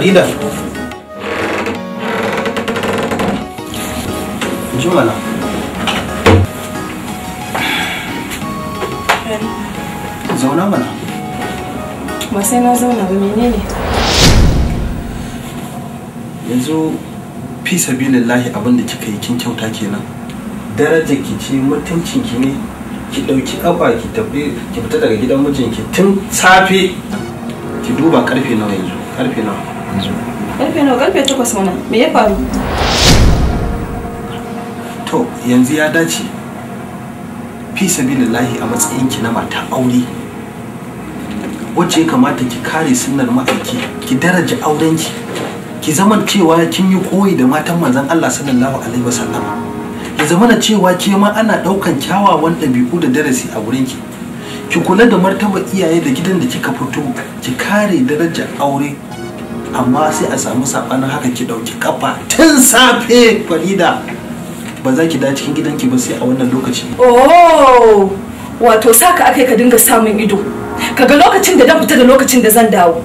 farida jimala Zona mana ba sai na zauna ba menene yanzu fi sabilillahi abin da kika yi kin kyauta kenan daraja ki ce mutuncin ki ne ki dauki kafa ki tafi ki fita daga gidan mijinki tun safe ki duba karfe nawa yanzu karfe nawa Karfe nawa karfe takwas mana me ya faru? To yanzu ya dace fi lahi a matsayinki na mata aure wacce ya kamata ki kare sunnar ma'aiki ki daraja auren ki zaman cewa kin yi koyi da matan manzon Allah sallallahu alaihi wasallam ya zamana cewa ke ma ana daukan kyawawan ɗabi'u da darasi a wurinki ki kula da martaba iyaye da gidan da kika fito ki kare darajar aure amma sai a samu saɓanin haka ki dauki kafa tun safe farida ba za ki da cikin gidanki ba sai a wannan lokaci oh wato saka akai ka dinga samun ido kaga lokacin da dan fita da lokacin da zan dawo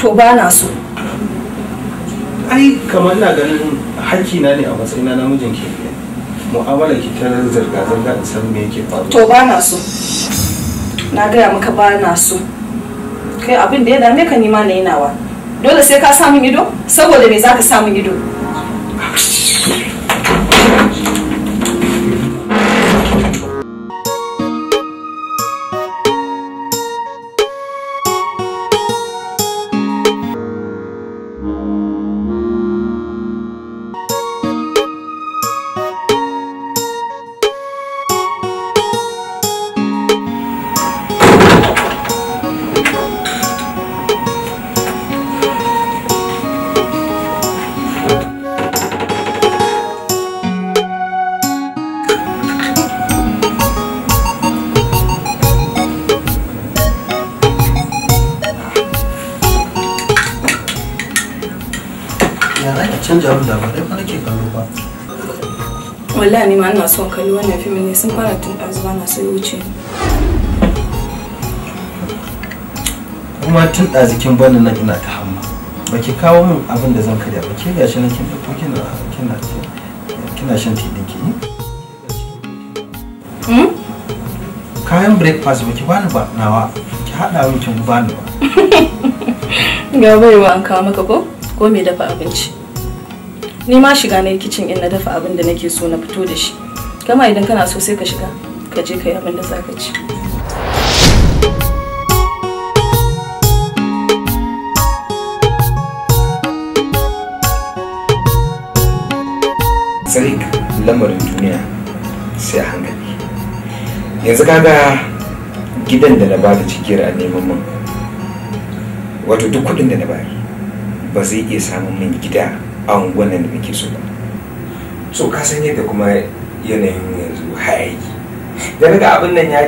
to ba na so ai kamar na ganin hakki na ne a matsayin na namijin ke mu'amala ki ta zarga zarga in san me yake faru to ba na so na gaya maka ba na so kai abin da ya dame ka nima na yi nawa dole sai ka samun ido saboda me za ka samun ido sun fara tun zuwa na sai wuce kuma tun jikin bani nan ina ta hamma ba ki kawo min abin da zan karya ba ke gashi na kin ɗauko kina kina kina shan tidin ki hmm? hmm? kayan breakfast ba ki bani ba nawa ki haɗa min kin bani ba ga wa an kawo maka ko ko me dafa abinci ni ma shiga na kicin in na dafa abin da nake so na fito da shi kama idan kana so sai ka shiga ka je ka abin da za ka ci tsarik lamarin duniya sai a hankali yanzu kaga gidan da na ba da cikiyar a neman man wato duk kudin da na bai ba zai iya samun min gida a unguwan da muke so ba so ka san yadda kuma yanayin yanzu hayaki da daga abin nan ya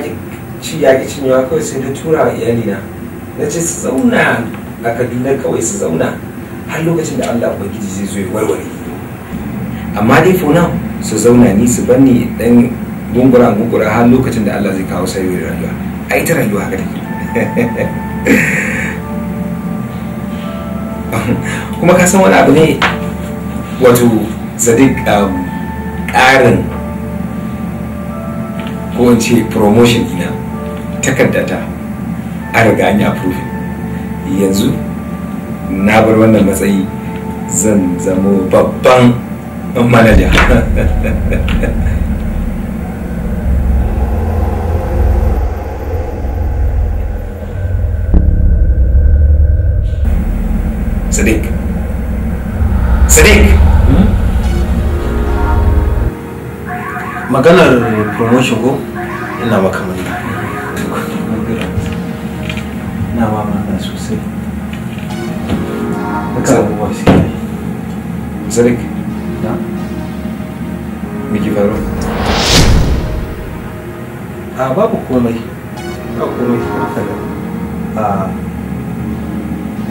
ci ya cin cinyewa kawai sai da tura wa iyalina na ce su zauna a kaduna kawai su zauna har lokacin da allah ubangiji zai zo ya warware amma dai for now su zauna ni su banni dan gungura gungura har lokacin da allah zai kawo sauyin rayuwa a ita rayuwa haka take kuma ka san wani abu ne wato sadiq um, ƙarin ko in ce promotion ina takardata a riga an yi approving yanzu na bar wannan matsayi zan zamo babban manaja sadiq sadiq hmm? maganar promotion ko? ina maka murna ina ma murna sosai haka abubuwa suke sadik na miki faru a ah, babu komai ba komai haka ah, da a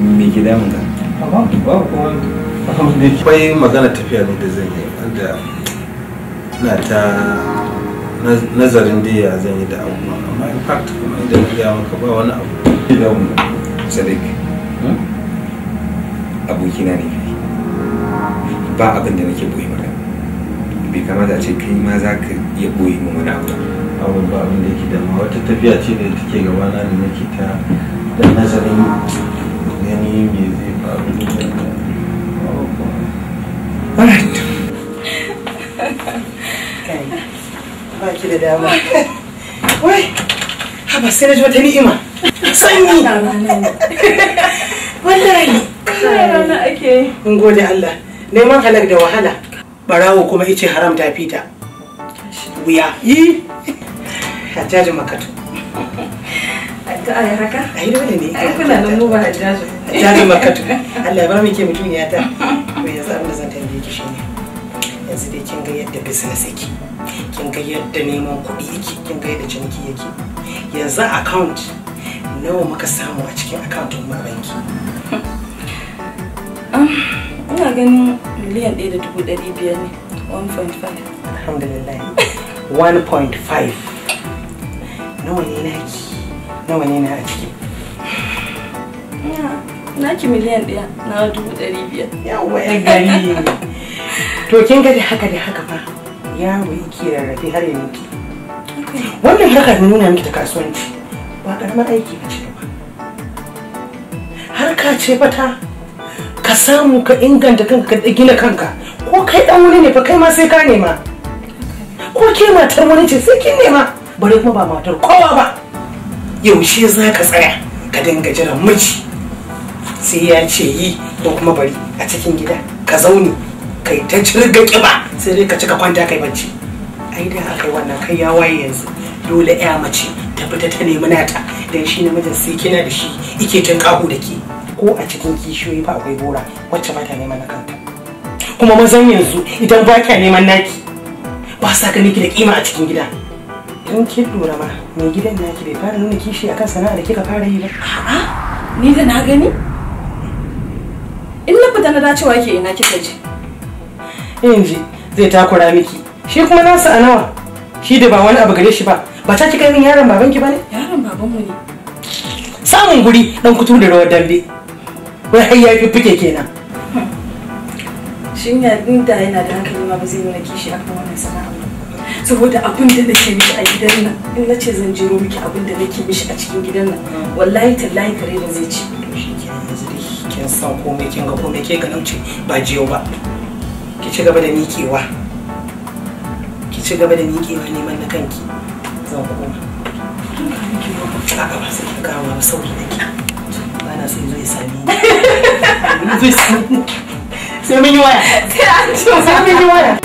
me mun damun ka ah, ba babu komai bai magana tafiya ne da zai yi wanda na ta nazarin da ya zan yi da abubuwa amma in fact kuma idan na gaya maka ba wani abu da mu sadiq hmm? abokina ne kai ba abin da nake boye maka bai kamata a ce kai ma za ka iya boye mu wani abu abun ba abin da yake dama wata tafiya ce da take gaba na da nake ta da nazarin gani me zai faru Alright. ba ki da dama wai haba sai na ji wata ni'ima sanyi wallahi rana ake mun gode Allah neman halak da wahala barawo kuma ice haram ta fita wuya yi hajjajin makatu to ai haka ai dole ne ai kuna nan mu ba hajjajin hajjajin makatu Allah ya bar mu ke mutuniya ta me yasa abin da zan tambaye ki ne. yanzu dai kin ga yadda business yake kin ga yadda neman kuɗi yake kin ga yadda ciniki yake yanzu account nawa muka samu a cikin account mu banki ah, ina ganin miliyan ɗaya da dubu ɗari biyar ne 1.5 alhamdulillah 1.5 nawa ne naki nawa ne na a ciki naki miliyan ɗaya na dubu ɗari biyar yawa ya gari to kin ga da haka da haka fa yaro yake rarrafe har ya mutu wannan harkar nuna miki ta kasuwanci ba karamar aiki ba ce ba harka ce fata ka samu ka inganta kanka ka gina kanka ko kai dan wani ne fa kai ma sai ka nema ko ke matar wani ce sai kin nema bare kuma ba matar kowa ba yaushe za ka tsaya ka dinga jiran miji sai ya ce yi da kuma bari a cikin gida ka zaune kai ta cirga kiba sai dai ka cika kwanta kai bacci ai da aka yi wannan kai ya waye yanzu dole ya mace ta fita ta nemi nata dan shi namijin sai kina da shi ike tun kahu da ke ko a cikin kishiyoyi ba akwai gora wacce ba ta neman na kanta kuma mazan yanzu idan ba kya neman naki ba sa ganin ki da kima a cikin gida in kin lura ma mai gidan naki bai fara nuna kishi akan sana'a da kika fara yi ba a'a ni da na gani in na fita na dacewa ke ina kika je inji zai takura miki shi kuma nasu a nawa shi da ba wani abu gare shi ba ba ta kika min yaron babanki ba ne yaron babanmu ne samun guri dan kutu da rawar dambe wai har yafi fike kenan shin ya dinta yana da hankali ma ba zai nuna kishi a kan wannan sana'a saboda abin da nake mishi a gidan nan in na ce zan jiro miki abin da nake mishi a cikin gidan nan wallahi tallahi kare da zai ci kin san komai kin ga komai ke ganin ce ba jiyo ba ki ci gaba da miƙewa ki ci gaba da miƙewa neman na kanki zan koma a gaba sai ki kama ba sauki da ke ba na sai zai sami ni zai sami sai mun yi waya sai an ci sai mun yi waya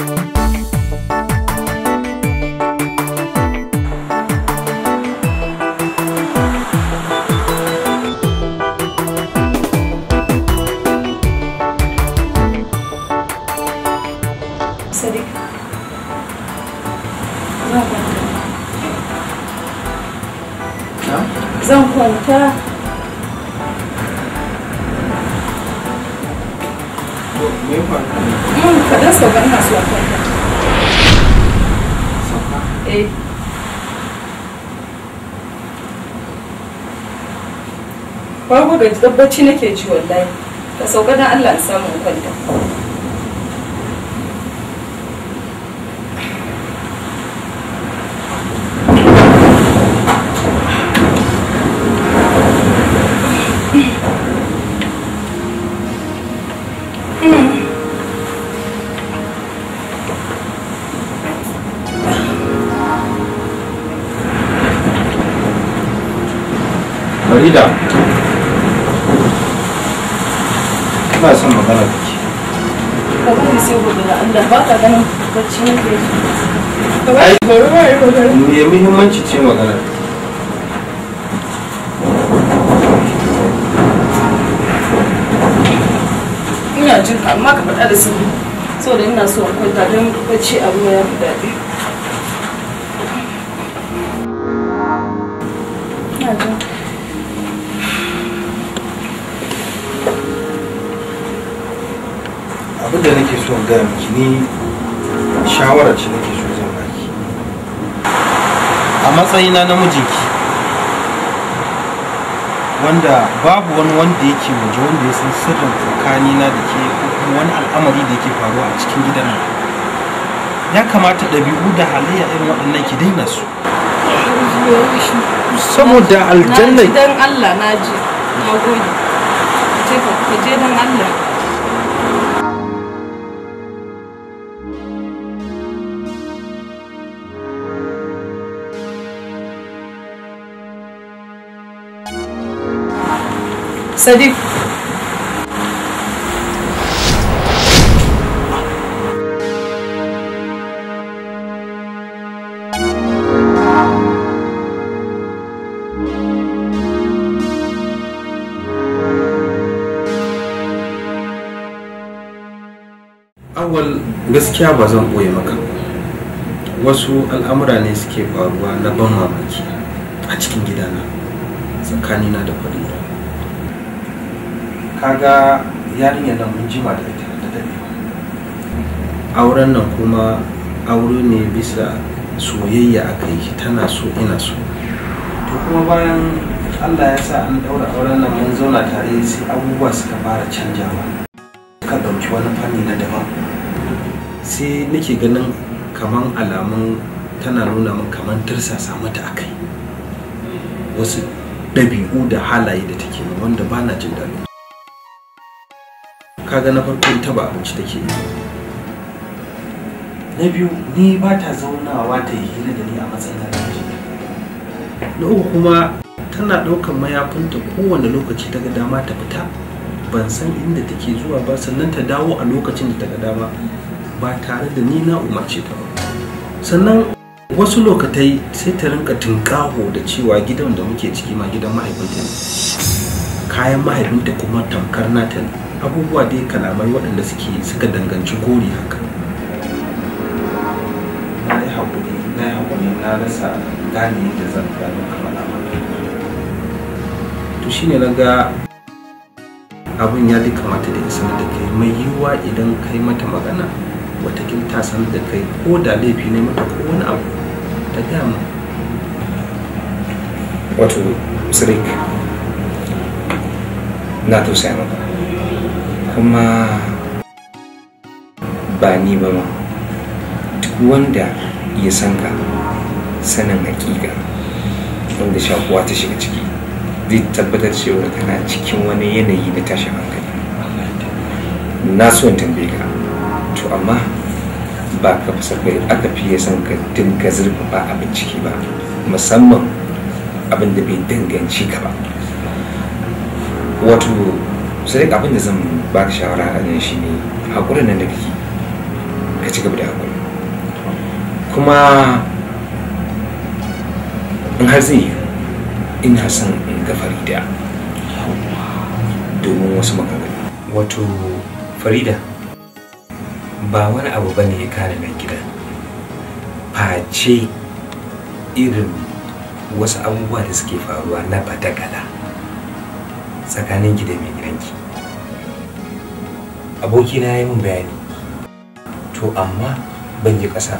bai bacci nake ciwon layi ka sauka don Allah in samun kwanta saboda ba ka ganin ce magana ina jin ka faɗa da sauri saboda ina so kwanta don bacci abu ya fi daɗi so gaya miki ni shawara ce nake so zan baki a matsayina na mijinki wanda babu wani wanda yake waje wanda ya san sirrin tsakanina da ke kuma wani al'amari da yake faruwa a cikin gidan nan ya kamata ɗabi'u da halayya irin waɗannan ki daina su saboda aljanna dan Allah na ji na gode ka je dan Allah Salut gaskiya ba zan ɓoye maka wasu al'amura ne suke faruwa na ban mamaki a cikin gidana tsakanina da farin kaga yarinyar nan mun jima da ita da daɗewa auren nan kuma aure ne bisa soyayya a yi tana so ina so to kuma bayan allah ya sa an daura auren nan mun zauna tare sai abubuwa suka fara canjawa ka ɗauki wani fanni na daban sai nake ganin kaman alamun tana nuna min kaman tirsasa mata akai wasu ɗabi'u da halaye da take wanda ba na jin daɗi kaga na farko ita ba abinci take na biyu ni ba ta zaunawa ta yi hira da ni a matsayin abinci na uku kuma tana ɗaukar mayafinta kowane lokaci daga dama ta fita ban san inda take zuwa ba sannan ta dawo a lokacin da ta ga dama ba tare da ni na umarce ta ba sannan wasu lokatai sai ta rinka tunƙaho da cewa gidan da muke ciki ma gidan mahaifinta ne kayan mahaifinta kuma tamkar nata ne abubuwa dai kalamai waɗanda suke suka danganci gori haka na yi haƙuri na yi na rasa gane da zan gano to ne na ga abin ya duka mata da isa da kai mai yiwuwa idan kai mata magana watakin ta san da kai ko da laifi ne mata ko wani abu ta gaya wato sirik na tausaya maka kuma ba ni ba ma duk wanda ya san ka sanin hakika wanda shakuwa ta shiga ciki zai tabbatar cewa kana cikin wani yanayi na tashin hankali na so in ka to amma ba ka kai aka fiye san ka dinga ba a bincike ba musamman abin da bai danganci ka ba wato su dai abin da zan ba ka shawara a nan ne, haƙurin nan da kake ka ci gaba da haƙuri kuma in har zai yi ina son in ga farida domin wasu maganganu wato farida ba wani abu ba ne ya kare nan gida face irin wasu abubuwa da suke faruwa na badagala tsakaninki da mai gidanki abokina ya yi min bayani to amma ban ji ƙasa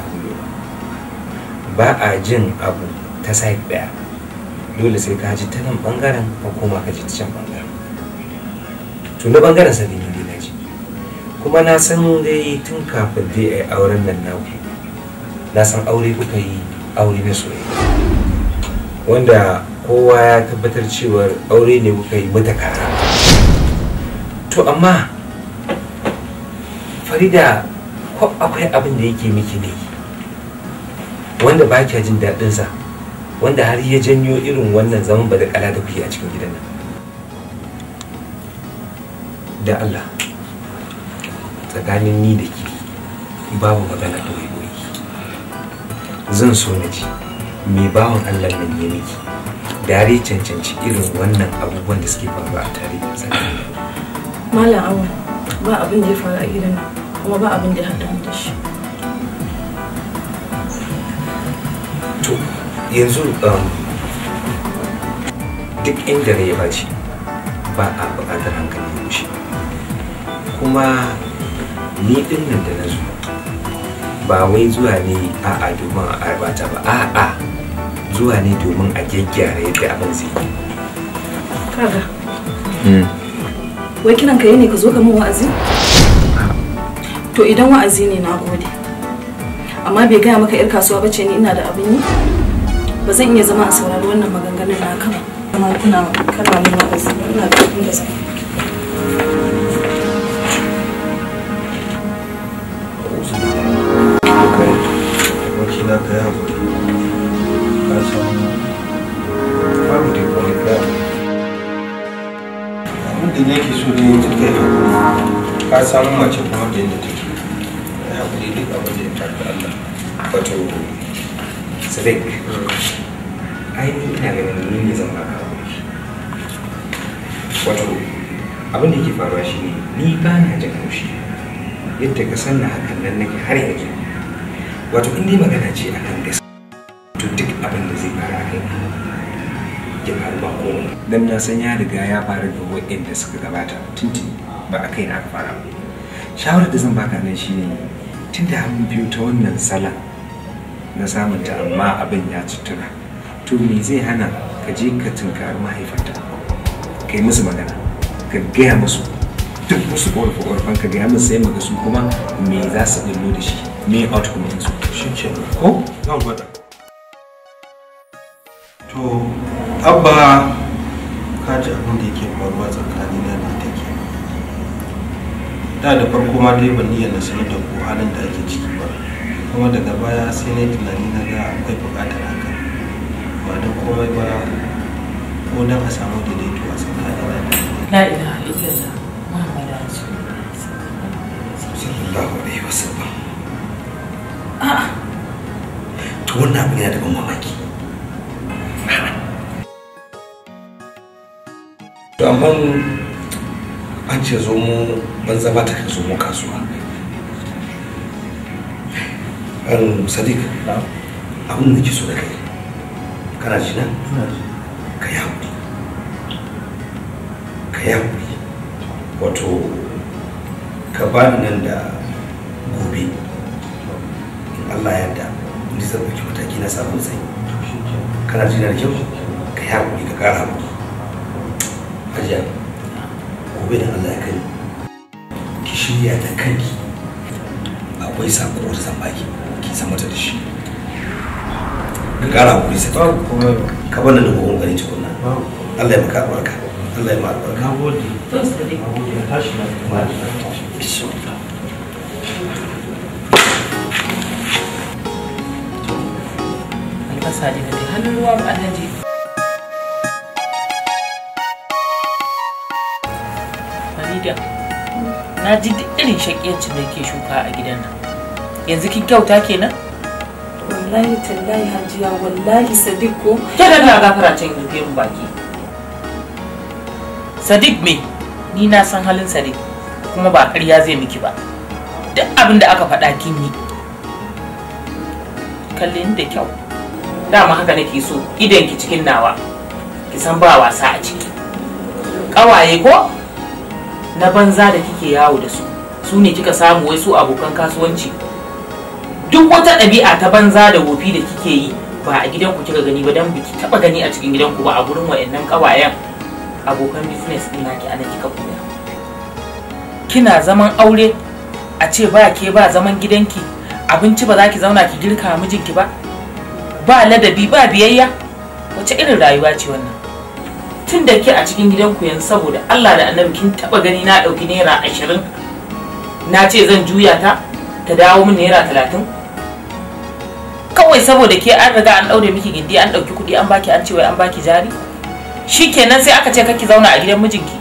ba a jin abu ta side daya, dole sai ka ji ta nan ɓangaren ka koma ka ji ta can ɓangaren to na ɓangaren sa ne na ji kuma na san dai tun kafin dai a auren nan ku. na san aure kuka yi aure na soyayya wanda kowa ya tabbatar cewar aure ne kuka yi mata kara to amma farida ko akwai abin da yake miki ne wanda ba kya jin daɗinsa wanda har ya janyo irin wannan zaman ba da kala da kuke a cikin gidan nan da Allah tsakanin ni da ki babu magana da wai zan so na ji me bawan Allah nan ya miki dare cancanci irin wannan abubuwan da suke faruwa a tare malam awon ba abin da ya faru a irin kuma ba abin da ya haɗa da shi to yanzu um, duk inda rai ya baci ba a buƙatar hankali ya kuma ni ɗin nan da na zo ba wai zuwa ne a a domin a arbata ba a'a zuwa ne domin a gyaggyara yadda abin zai yi kaga hmm. wai kiran ka yi ne ka zo ka min wa'azi to idan wa'azi ne na gode amma bai gaya maka yar kasuwa bace ni ina da abin yi ba zan iya zama a saurari wannan maganganun na kama. amma kuna kana min wa'azi ina da abin da zai. Okay. ne ke so da yin tuka da kuma ka samu mace kuma da yin take da haƙuri duk abin da ya tafi Allah wato sadiq ainihin ina ganin ni ne zan ba wato abin da yake faruwa shi ne ni ba na jin haushi yadda ka san na hakan nan nake har yanzu wato in dai magana ce akan gaskiya to duk abin da zai fara a kai ya ba ko dan na san ya riga ya fara da waɗanda suka gabata tuntuni ba a kai na aka fara shawarar da zan baka nan shine tunda an biyo ta wannan sala na samun ta amma abin ya cutura to me zai hana ka je ka tunkari mahaifanta kai musu magana ka gaya musu duk wasu ƙorafi ƙorafan ka gaya musu sai maga su kuma me za su ɓullo da shi me outcome su shi ce ko? Zan gwada. To, abba ka ji abin da yake faruwa tsakanin na da take da da farko ma dai ban iya na da ko halin da ake ciki ba kuma daga baya sai na tunani na ga akwai buƙatar haka ba don komai ba ko don a samu daidaito a tsakanin na la ilaha illallah muhammadu sallallahu alaihi wasallam a'a to wannan abin yana da mamaki to amma an ce zo mu ban zama ta zo mu kasuwa an sadiq abin da ke so da kai kana ji nan ka yi haƙuri ka yi haƙuri wato ka ba ni nan da gobe in allah ya da ni zan ɗauki mataki na samun tsayi kana ji na da kyau ka yi haƙuri ka ƙara haƙuri ajiya gobe da Allah ya kai ki shirya da kanki akwai sako wata zan baki ki san mata da shi ka kara hakuri sai ka bar da gogon gari cikin nan Allah ya maka albarka Allah ya maka albarka nagode nagode tashi na tashi albasa da hannun ruwa ba lafiya na ji duk irin shakiyancin da yake shuka a gidan nan yanzu kin kyauta kenan wallahi tallahi hajiya wallahi sadiq ko kada na gafara can rufe mu baki sadiq me ni na san halin sadiq kuma ba ƙarya zai miki ba duk abin da aka faɗa kin yi kalle kyau. da kyau dama haka nake so idan ki cikin nawa ki san ba wasa a ciki ƙawaye ko na banza da kike yawo da su su ne kika samu wai su abokan kasuwanci duk wata ɗabi'a ta banza da wofi da kike yi ba a gidanku kika gani ba dan biki taba gani a cikin gidanku ba a gurin wayannan kawayen abokan business din naki ana kika koya kina zaman aure a ce ba ke ba zaman gidanki abinci ba za ki zauna ki girka mijinki ba ba ladabi ba biyayya wace irin rayuwa ce wannan tun da ke a cikin gidanku yanzu saboda Allah da annabi kin taba gani na dauki naira ashirin na ce zan juya ta ta dawo min naira talatin kawai saboda ke an riga an daure miki gindi an dauki kuɗi an baki an ce wai an baki jari shikenan sai aka ce kake zauna a gidan mijinki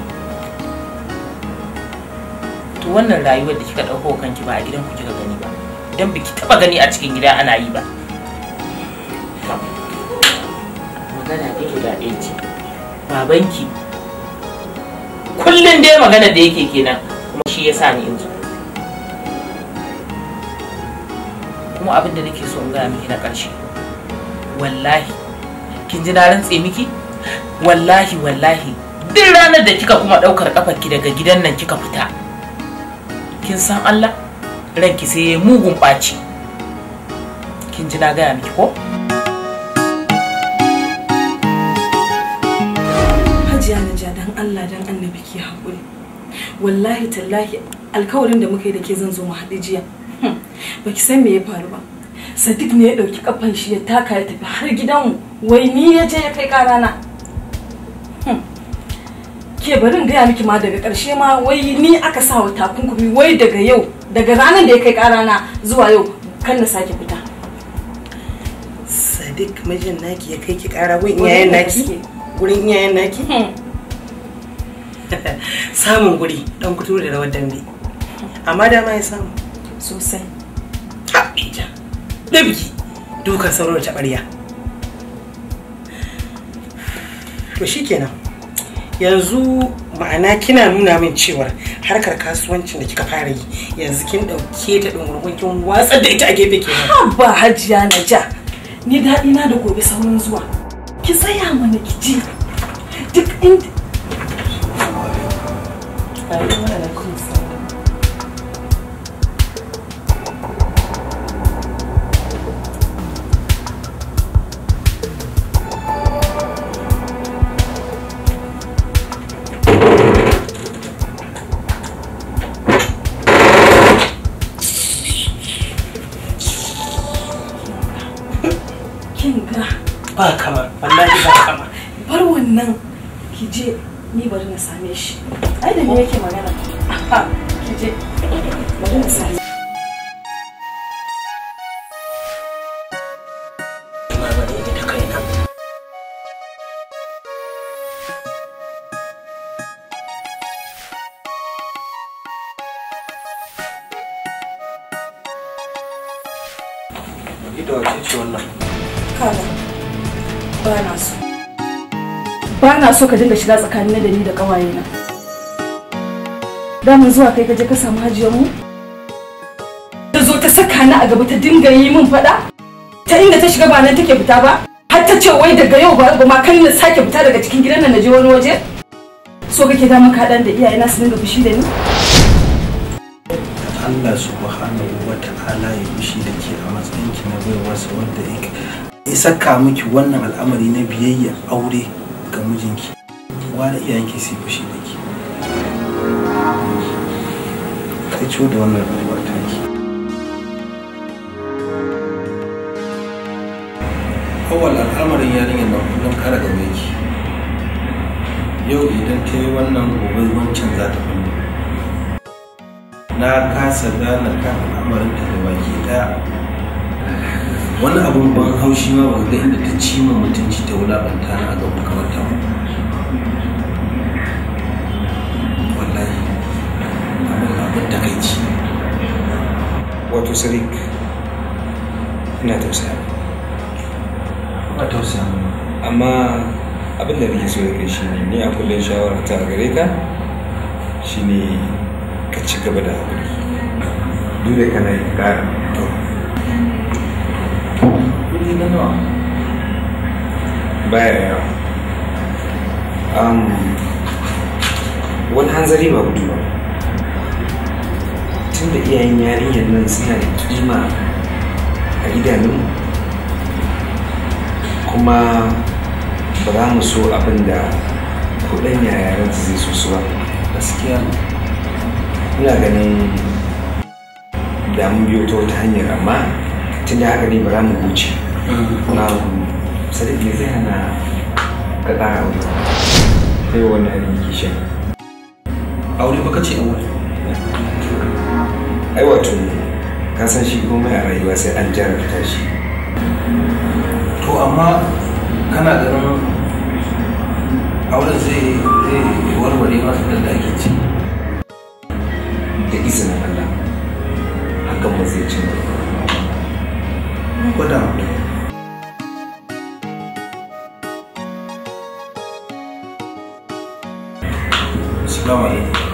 to wannan rayuwar da kika dauko kanki ba a gidanku kika gani ba dan biki taba gani a cikin gida ana yi ba magana ɗaya guda ɗaya ce babanki kullum dai magana da yake kenan kuma shi ya sa ni in zo kuma abin da nake so in gaya miki na ƙarshe wallahi kin ji na rantse miki wallahi wallahi duk ranar da kika kuma ɗaukar ki daga gidan nan kika fita kin san Allah ranki sai ya mugun ɓaci kin ji na gaya miki ko? dan Allah dan annabi ki hakuri? wallahi tallahi alkawarin da muka yi da ke zan zo mu haɗu jiya hmm, baki san me ya faru ba sadiq ne ya ɗauki kafan shi ya taka ya tafi har gidanmu wai ni ya je ya kai karana hmm, ke barin gaya miki ma daga ƙarshe ma wai ni aka sa wa takunkumi wai daga yau daga ranar da ya kai karana zuwa yau kan na sake fita sadiq mijin naki ya kai ki kara wai iyayen naki gurin iyayen naki samun guri dan kuturu da rawar dambe amma dama ya samu sosai haɓija da biki dukan sauran ta ɓarya to kenan yanzu ma'ana kina nuna min cewar harkar kasuwancin da kika fara yi yanzu kin ɗauke ta ɗungurgun kin watsar da ita a gefe ke ba hajiya na ja ni daɗina da gobe saurin zuwa ki tsaya mana ki ji duk inda 白正我也没 so ka dinga shiga tsakanin da ni da ƙawayena. Damin zuwa kai ka je ka samu hajiyar mu? Ta zo ta saka ni a gaba ta dinga yi min faɗa? Ta inda ta shiga ba nan take fita ba? Har ta ce wai daga yau ba ma kan na sake fita daga cikin gidan nan na je wani waje? So kake damar kaɗan da iyayena su dinga fushi da ni? Allah subhanahu wa ta'ala ya bishi da ke a matsayin ki na baiwarsa wanda ya saka miki wannan al'amari na biyayya aure ga mijinki wani iyayenki su fushi da ke. kai ciwo da wannan rayuwar taki kowane al'amarin yarinyar nan kullum kara gaba yake yau idan ta yi wannan gobe wancan za ta kullu na kasa gane kan al'amarin ta da baki daya wani abun ban haushi ma ba ga inda ta ci min mutunci ta wulabanta na a gaban kamar ta wallahi abin abin takaici wato sarik ina tausaya ba tausaya amma abin da nake so ya kai shine ni a kullum shawara ta gare ka shine ka ci gaba da haƙuri dole kana yi ƙara na baya um, wani hanzari ba gudu ba tun da iyayen yarinyar nan suna da kima a idanunmu kuma ba za mu so abin da kudin yayaran zai so ba gaskiya ina ganin da biyo ta wata hanyar amma tun da haka ne ba za mu wuce na sadiq ne zai hana ka ƙara aure sai wani abin kishin aure ba kace aure ai wato ka san shi komai a rayuwa sai an jarabta shi to amma kana ganin auren zai zai warware masu da ake izinin Allah hakan ba zai ci ba gwada Lord.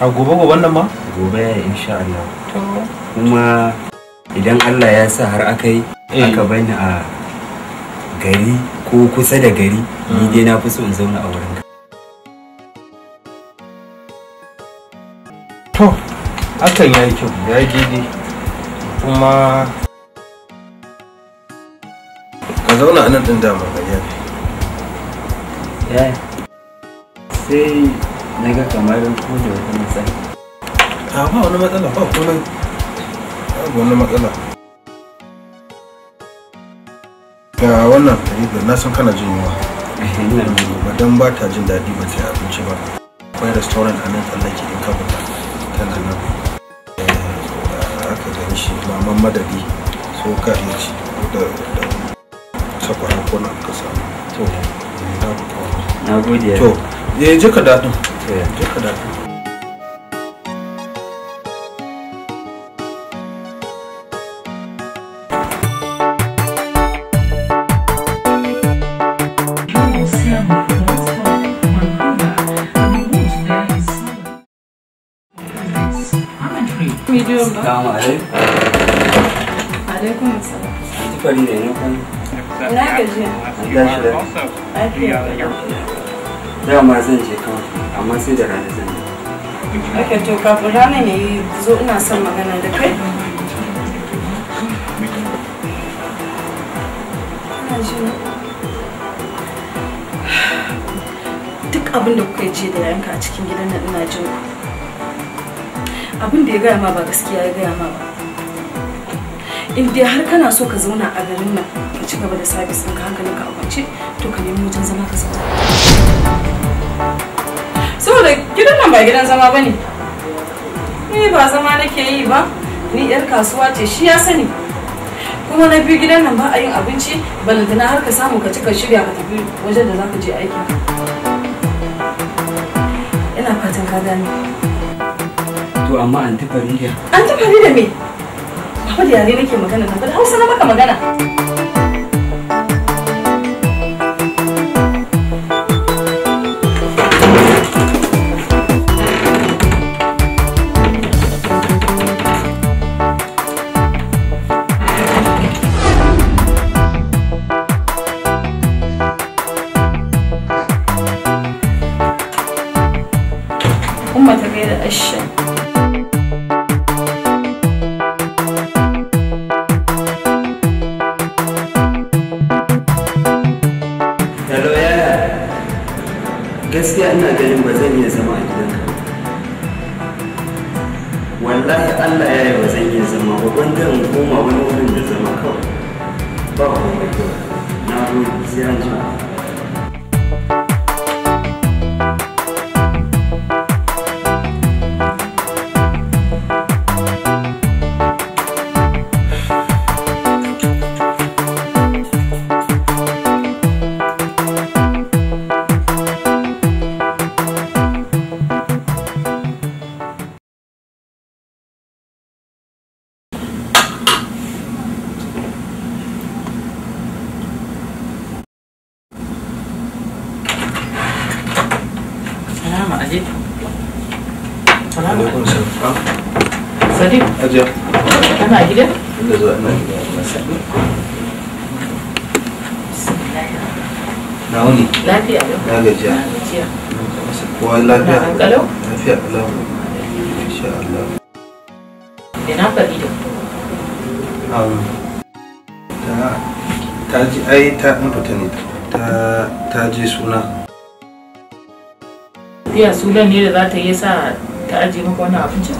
a gobe gobe nan ma gobe insha Allah kuma idan Allah ya sa har aka yi eh. aka bani a gari ko kusa da gari ni mm. dai na fi so in zauna a wurin to hakan ya yi kyau ya yi daidai kuma ka zauna a nan ɗin dama ga eh. sai na ga kamar ko da wata matsala a ba wani matsala ba komai ba wani matsala ga wannan tarihi na san kana jin yunwa ba don ba ta jin daɗi ba ta abinci ba akwai restaurant a nan tsallake in ka fita tana nan eh, aka gani shi maman madadi so ka iya ci da sakwara ko na ka samu to eh, na gode to eh, je ka daɗin É, que cuidado. Medium Selamun Aleyküm. Aleyküm selam. Antipa dinleyin. Ne kadar? Ne kadar? Ne kadar? Ne kadar? dama zan je kawai amma sai da rana zan ake to kafin ranar ya yi zo ina son magana da kai duk abin da kuka ce da yanka a cikin gidan nan ina jin abin da ya gaya ma ba gaskiya ya gaya ma ba in dai har kana so ka zauna a garin nan ka ci gaba da sabis ɗinka hankalinka a kwance to ka nemi wajen zama ka zauna saboda gidan nan ba gidan zama bane ni ba zama nake yi ba ni yar kasuwa ce shi ya sani kuma na biyu gidan nan ba a yin abinci balantana har ka samu ka cika shirya ka tafi wajen da za ka je aiki ina fatan ka gane to amma an tafi da an tafi da me ba da yare nake magana ba da hausa na maka magana ta an fita ne ta je suna ya sunan ne da za ta yi sa ta ajiye maka wannan abincin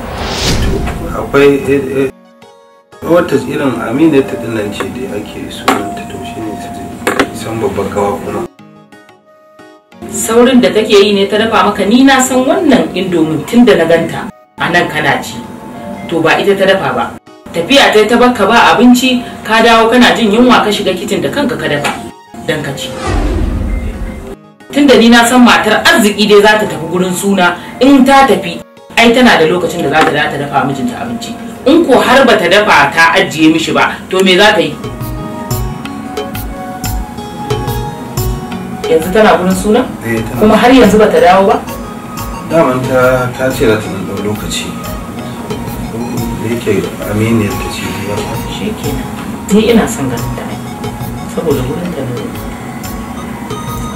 akwai eh, eh, wata irin amina ta dinnan ce da ake sunan ta to shine san babban kawa kuma saurin da take yi ne ta dafa maka ni na san wannan indomin tun da na ganta a nan kana ci to ba ita ta dafa ba tafiya ta ta barka ba abinci ka dawo kana jin yunwa ka shiga kitin da kanka ka dafa dan ka ci tunda ni na san matar arziki dai za ta tafi gurin suna in ta tafi ai tana da lokacin da za ta dafa mijinta abinci in ko har ba ta dafa ta ajiye mishi ba to me za ta yi yanzu tana gurin suna eh, kuma har yanzu ba ta dawo ba daman ta ta ce za ta lokaci da yake aminiyar ta ce biyar shi ke ni ina son ganin ta ai saboda wurin ta na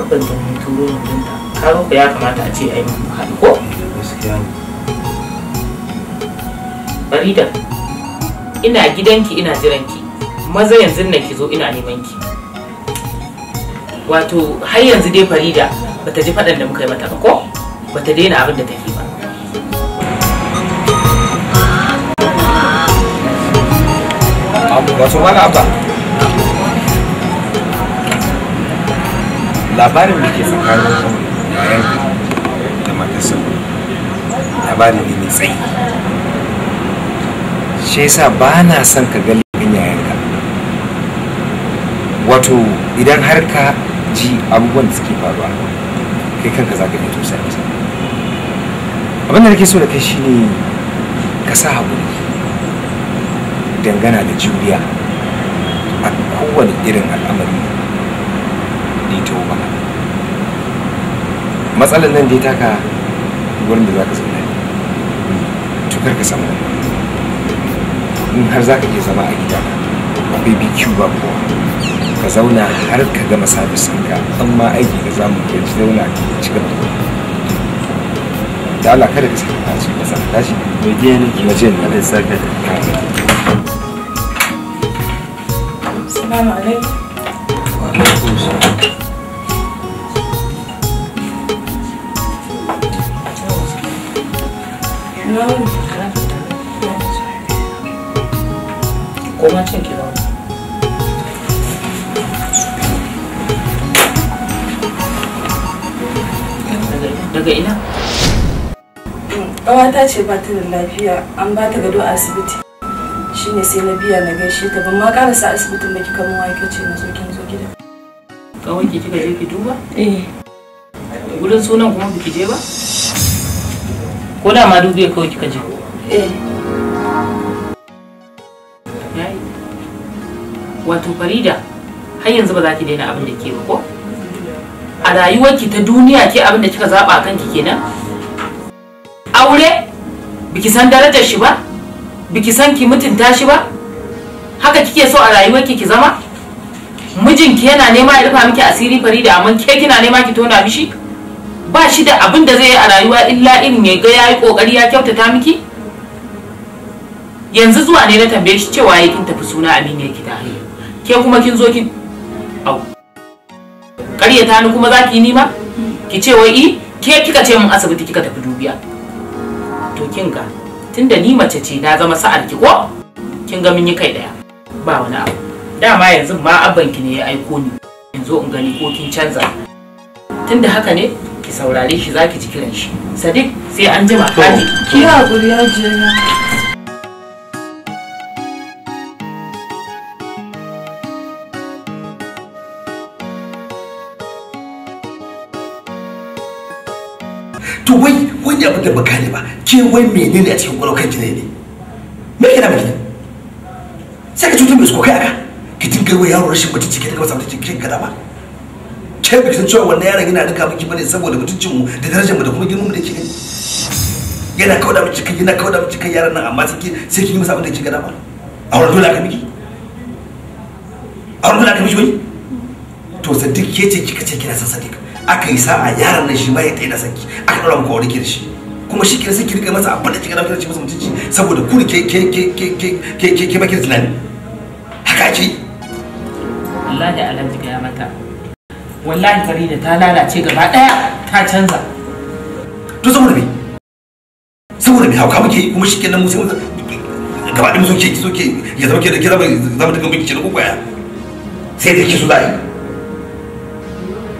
abin da na turo na wurin ta karo ka ya kamata a ce ai mun haɗu ko gaskiya ne barida ina gidanki ina jiranki maza yanzu nan ki zo ina neman ki wato har yanzu dai farida bata ji faɗan da muka yi mata ba ko bata daina abin da take wasu wani abba labarin da ke tsakanin yayan da matasa labarin ne mai tsayi shi yasa ba na son ka ga laifin ka wato idan har ka ji abubuwan da suke faruwa kai kanka za ka ji sai abin da nake so da kai shine ka sa haƙuri dangana da juriya a kowane irin al'amari dito ba matsalar nan dai taka wurin da za ka zama ne tukar ka samu in har za ka iya zama a gida akwai bq ba kowa ka zauna har ka gama sabis ka an ma aiki da zamu ka ci zauna ka ci gaba da Allah kada ka saka ka ci ka saka ka ci mai ne ki mace ne Allah ya saka Assalamu alaikum. Wa alaikum salam. Koma cin ki zauna. Daga ina? Ƙawata ce ba ta lafiya an ba ta gado a asibiti. shine sai na biya na gaishe ta ban ma karasa asibitin da kika mun wake ce na zo kin zo gida kawai ki kika je ki duba eh gurin sunan kuma biki je ba ko da ma dubiya kawai kika je eh yayi wato farida har yanzu ba za ki daina abin da ke ba ko a rayuwarki ta duniya ke abin da kika zaba kanki kenan aure biki san darajar shi ba biki san ki mutunta shi ba haka kike so a rayuwarki ki zama mijinki yana nema ya rufa miki asiri fari da amma ke kina nema ki tona mishi ba shi da abin da zai yi a rayuwa illa in ne ga yayi kokari ya kyautata miki yanzu zuwa ne na tambaye shi cewa yayi kin tafi suna abin ki da ke kuma kin zo ki au ta ni kuma zaki yi nima ki ce wai eh, ke kika ce mun asibiti kika tafi dubiya to kin ga tunda ni mace ce na zama sa'ar ki ko kin ga mun yi kai daya ba wani abu dama yanzu ma abban ki ne ya aiko ni in zo in gani ko kin canza tunda haka ne ki saurare shi zaki ji kiran shi sadiq sai an jima kaji ki hakuri ya je na. to wai wani abu da baka ne ba ke wai menene a cikin kwalwar jini ne me ke da miki sai ka cutar da suka kai aka ki dinga wai yaro rashin mutunci ke da kawai mutunci ke kada ba ke ba san cewa wannan yaron yana duka miki bane saboda mutuncin mu da darajar mu da kuma girman mu da kike yana kawai da miki yana kawai da miki yaron nan amma sai sai ki yi masa abin da ke kada ba a wurin dole aka miki a wurin dole aka miki wai to sai duk ke ce kika ce kina san sadiq aka yi sa'a yaron nan shi ma ya tsaye da sanki aka ɗora muku aure kirshi kuma shi kenan sai ki rika masa abin da kika dauka masa mutunci saboda ku ke ke ke ke ke ke ke ke baki da tunani haka ki wallahi alhaji ga mata wallahi farida ta lalace gaba daya ta canza to saboda me saboda me hauka muke kuma shi kenan mu sai gaba da mu soke ki soke ya zama ke da ke zama zama da gambin ki na kokoya sai da ki su zai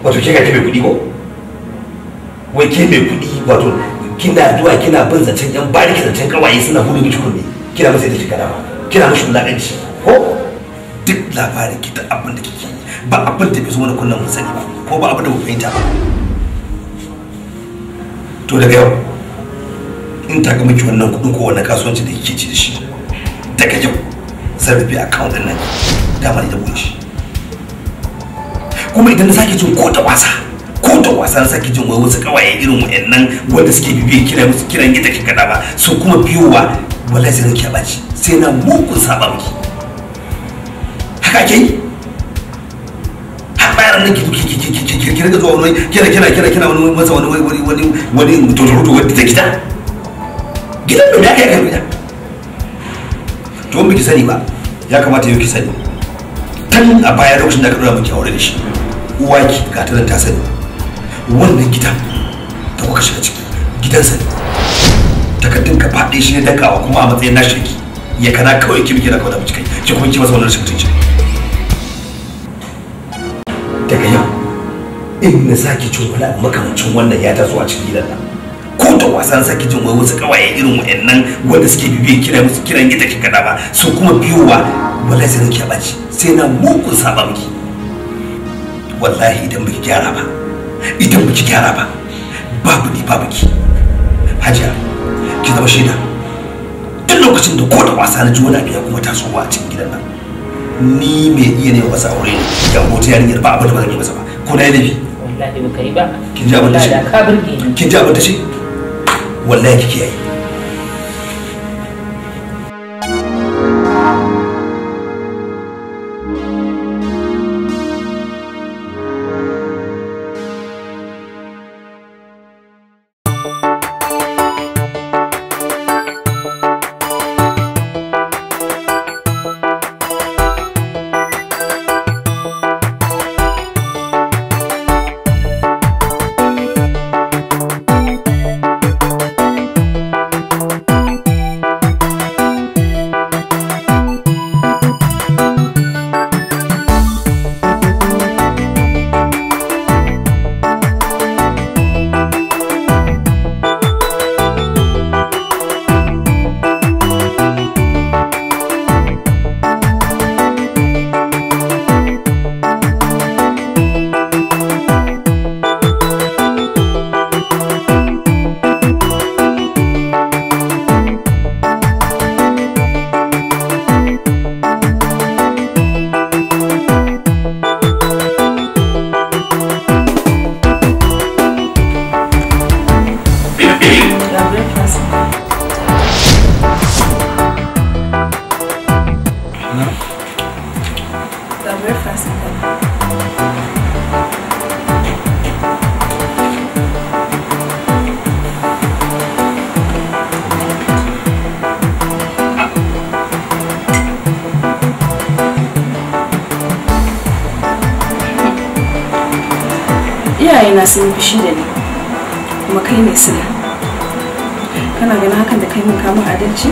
wato ke ga ke mai kudi ko wai ke mai kudi wato kina zuwa kina bin zancen yan bariki zancen kawaye suna hudu miki kunne kina masa da kika dama kina mashi wulakanci ko duk labarin ki da abin da kike ba abin da ke zo mana kullum mun sani ba ko ba abin da mun fahimta ba to daga yau in ta ga miki wannan kudin ko wannan kasuwanci da kike ci da shi daga yau zan rufe account din nan dama da bude shi kuma idan na sake cin ko ta wasa ko da wasan saki jin wai wasu kawaye irin wayannan wanda suke bibi kira musu kiran ita kika ba su kuma biyowa wallahi sai ranki ya baci sai na muku saba miki haka ke har bayan nan ki ki ki ki ki zuwa wani kira kira kira kira wani masa wani wani wani wani wani wani ta gida gidan da kai ka yi gida to biki sani ba ya kamata yau ki sani tun a baya lokacin da aka dora miki aure da shi uwa ki ga ta ta sani wannan gidan da kuka shiga ciki gidansa ne takardun ka faɗe shi ne dakawa kuma a matsayin na shirki ya kana kawai ki bige da kawai da mutukai ki kuma ki masa wannan rashin mutunci daga yau in na sake cin wani abu makamancin wannan ya taso a cikin gidan nan ko da wasan sake jin wai wasu kawai irin wa'annan wanda suke bibiyan kiran musu kiran gida ki kada ba su kuma biyowa wallahi sai nake baci sai na muku saba miki wallahi idan baki gyara ba idan ba ki gyara ba babu ni babu ki hajiya ki zama shaida tun lokacin da ko da wasa na ji wani abu ya kuma tasowa a cikin gidan nan ni mai iya ne masa aure ne da wata yarinyar ba abin da ba zan yi masa ba ko na yi laifi wallahi ba kai ba kin ji abin da shi kin ji abin da shi wallahi kike yi sun fushi da ni kuma kai ne sila kana ganin hakan da kai min kama adalci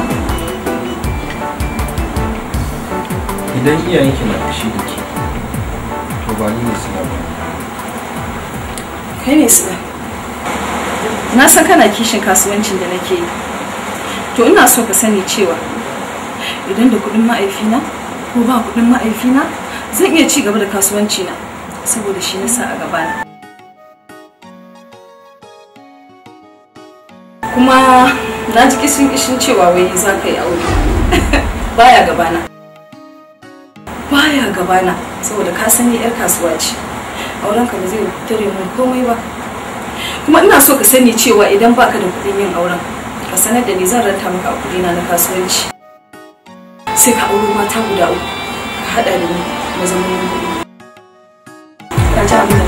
idan iyayenki na fushi da ke to ba ni ne suna ba kai ne sila na san kana kishin kasuwancin da nake yi to ina so ka sani cewa idan da kudin ma'aifina ko ba kudin ma'aifina zan iya ci gaba da kasuwanci na saboda shi nasa a gabana kuma na ji kishin kishin cewa wai za ka yi aure baya gabana baya gabana saboda ka sani yar kasuwa ce aurenka ba zai tare mun komai ba kuma ina so ka sani cewa idan baka da kuɗin yin auren ka sanar da ni zan ranta maka kuɗi na na kasuwanci sai ka auro mata guda uku ka haɗa da ni mazaunin kuɗi ka ji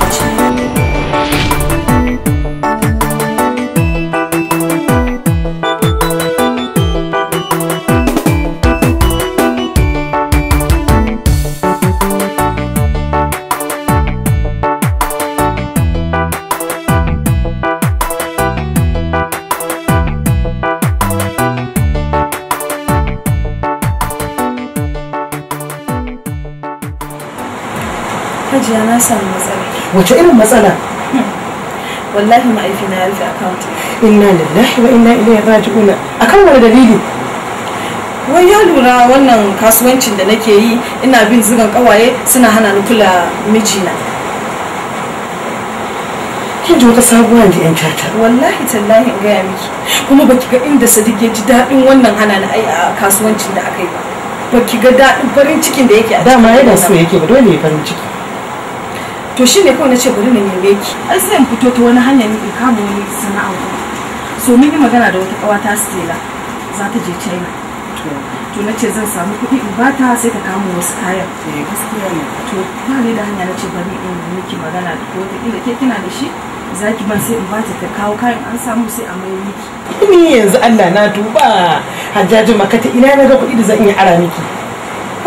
samu matsala wace irin matsala wallahi ma'aifi na rufe account inna lillahi wa inna ilaihi raji'un akan wani dalili wai ya lura wannan kasuwancin da nake yi ina bin zigan kawaye suna hana ni kula mijina kin ji wata sabuwa da yan cata wallahi tallahi in gaya miki kuma baki ga inda sadiq ya ji daɗin wannan hana ni ai a kasuwancin da aka yi ba baki ga daɗin farin cikin da yake a dama yana so yake ba dole ya farin ciki to shi ne kawai na ce bari na neme ki ai sai in fito ta wani hanya ne in kama wani sana'a so mun yi magana da wata kawa ta Stella za ta je China to na ce zan samu kuɗi in ba ta sai ta kamo wasu kayan eh, to ba ni da hanya na ce bari in miki magana da ko inda ke kina da shi za ki ban sai in ba ta ta kawo kayan an samu sai a mai miki ni yanzu Allah na duba hajjaji makata ina na ga kuɗi da zan iya ara miki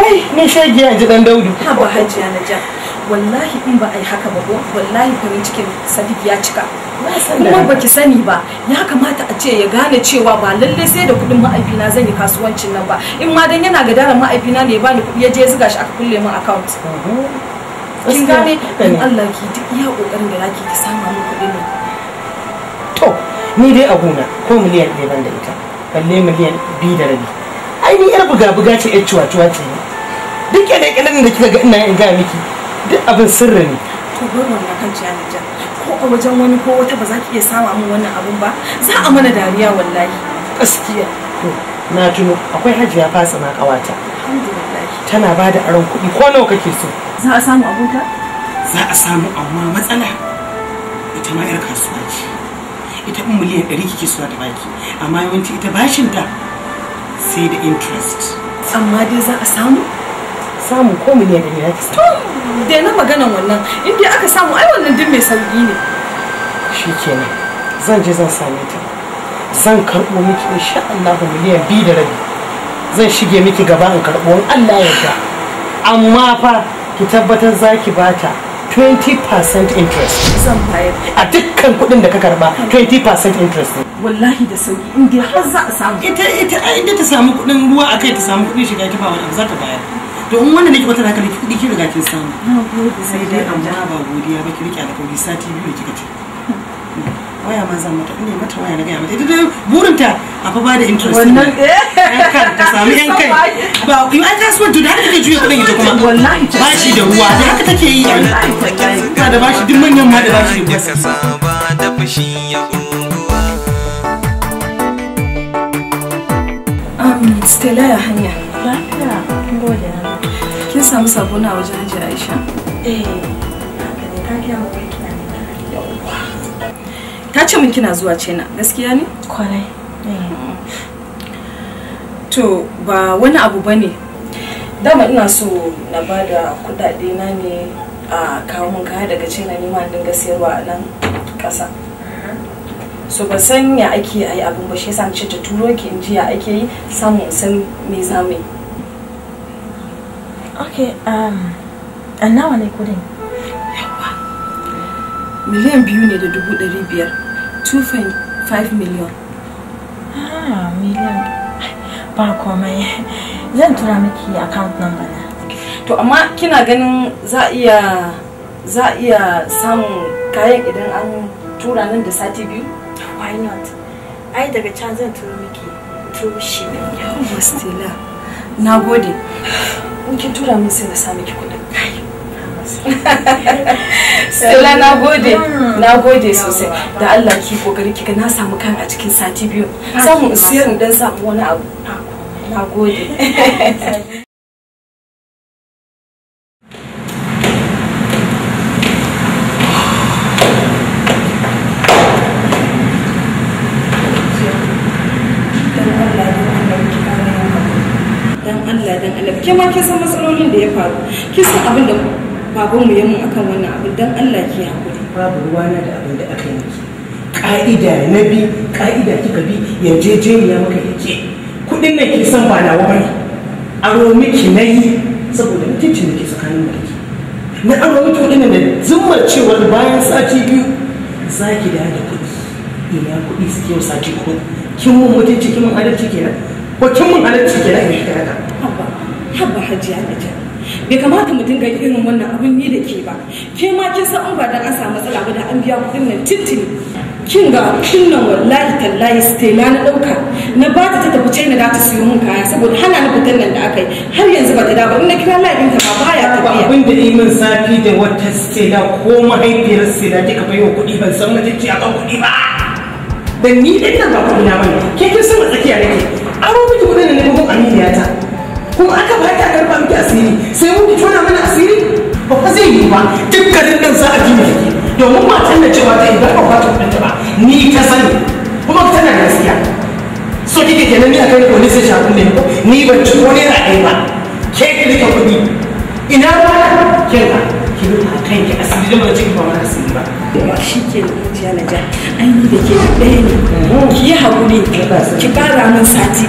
ai ni shagiya ji dan daudu ha ba hajjiya na ja wallahi in ba a yi haka ba ko wallahi farin cikin sadiq ya cika kuma baki sani ba ya kamata a ce ya gane cewa ba lallai sai da kudin ma'aifina zan yi kasuwancin nan ba in ma dan yana ga daren ma'aifina ne ya bani kudi ya je zuga shi aka kulle min account kin gane in Allah ki duk iya kokarin da nake ki samu min kudin nan to ni dai a gona ko miliyan ɗaya ban da ita balle miliyan biyu da rabi ai ni yar buga buga ce yar cuwa cuwa ce duk yanayin da kika ga ina in ga miki duk abin sirri ne to bar wannan kan jan ko a wajen wani ko wata ba za ki iya sawa min wannan abun ba za a mana dariya wallahi gaskiya to na tuno akwai hajiya fasa na kawata tana ba da aron kuɗi ko nawa kake so za a samu abota za a samu amma matsala ita ma 'yar kasuwa ce ita in miliyan ɗari kike so ta baki amma yawanci ita bashin ta sai da interest amma dai za a samu samu ko miliyan ɗari na ki da na maganan wannan inda aka samu ai wannan din mai sauki ne Shi kenan zan je zan same ta zan karɓo miki sha Allah miliyan biyu da rabi zan shige miki gaba in karɓo in Allah ya yarda amma fa ki tabbatar za ki ba ta 20% interest zan bayar a dukkan kuɗin da ka karɓa 20% hmm. interest wallahi da sauki in dai har za a samu ita ita ai ta samu kuɗin ruwa akai ta samu kuɗin shiga ta ba wani za ta bayar domin wanda nake wata haka kuɗi ki riga kin samu sai dai amma ba godiya ba ki rike alƙawari sati biyu da kika ce waya ma zan mata ne mata waya na gaya mata ita burinta a fa ba da interest wannan kan ta samu yan kai ba in an kasuwanci da haka take juya kuɗin ita kuma wallahi ba shi da ruwa da haka take yi ta da bashi duk manyan ma da bashi da ruwa da fushi ya um, Stella ya hanya. Lafiya. Gode kin samu sabuna na wajen aisha eh, eh ta ta ce min kina zuwa cena gaskiya ne kwarai eh. to ba wani abu ne. dama ina so na bada kudade na ne a kawo mun kaya daga cena ne ma dinga sayarwa a nan kasa uh-huh. so ba san ya ake yi abin ba shi yasa ce ta turo ki in ake yi samun san me okay um an nawa ne kudin yawa miliyan biyu ne da dubu ɗari biyar 2.5 miliyan ah miliyan ba komai zan tura miki account number na to amma kina ganin za iya za iya samun kayan idan an tura nan da sati biyu why not ai daga can zan turo miki turo shi ne yawon stila na gode in kin tura min sai na sa miki kuɗin Stella na gode sosai da Allah ki kokari kika na samu kayan a cikin sati biyu ah, samun sirrin dan samu wani abu na gode ma ke san matsalolin da ya faru kin san abin da baban mu yamma akan wannan abin dan Allah ki hakuri babu ruwa na da abin da aka yi ka'ida na bi ka'ida kika bi yarjejeniya maka yake kudin nan kin san ba nawa bane aro na nayi saboda mutuncin da ke tsakanin da ke na aro miki kudin nan da zummar cewar bayan sati biyu zaki da da kudi ina kudi suke yau sati uku kin mun mutunci kin mun adalci kenan ko kin mun adalci kenan in kika haka haba hajiya na jan bai kamata mu dinga irin wannan abin ni da ke ba ke ma kin san an fadan an samu matsala ba da an biya kuɗin nan tintini kin ga kin nan wallahi tallahi stela na ɗauka na ba ta tafi china da ta siyo mun kaya saboda hana na fitan nan da aka yi har yanzu ba ta ba in na kira din ta ba baya tafiya abin da imin safi da wata stela ko mahaifiyar stela kika bayo kuɗi ban san mutunci akan kuɗi ba dan ni ɗin nan ba kuɗi na bane ke kin san tsakiya nake aro miki kuɗin da ne ko aminiya ta kuma aka ba ta karfa miki asiri sai mun tona mana asiri ba fa zai yi ba duk garin nan za a ji mu domin ba da cewa ta idan ba ta kudin ba ni ta sani kuma tana da gaskiya so kike kenan ni akai sai station ne ni ban ci ko ne ra'ayi ba ke kike kuɗi ina ba kenka ki a kan ki min sati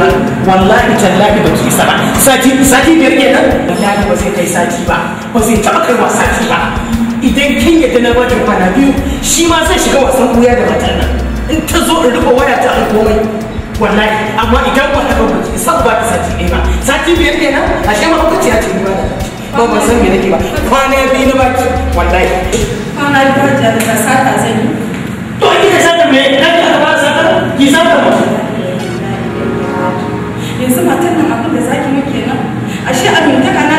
baki min wallahi tallahi ba ki isa ba sati sati biyar kenan wallahi ba zai kai sati ba ba zai taɓa kai sati ba idan kin yadda na baki kwana biyu shi ma zai shiga wasan ɓuya da matan nan in ta zo in rufe waya ta alkomai wallahi amma idan ba ta ba ki san ba ki sati ɗaya ba sati biyar ne a ashe ma kuka ce a ce ba ba ban san me nake ba kwana biyu na baki wallahi kwana biyu da ta sata zan yi to ita sata me dan ka ba sata ki sata ba yanzu matan nan abin da zaki yi kenan ashe abin ta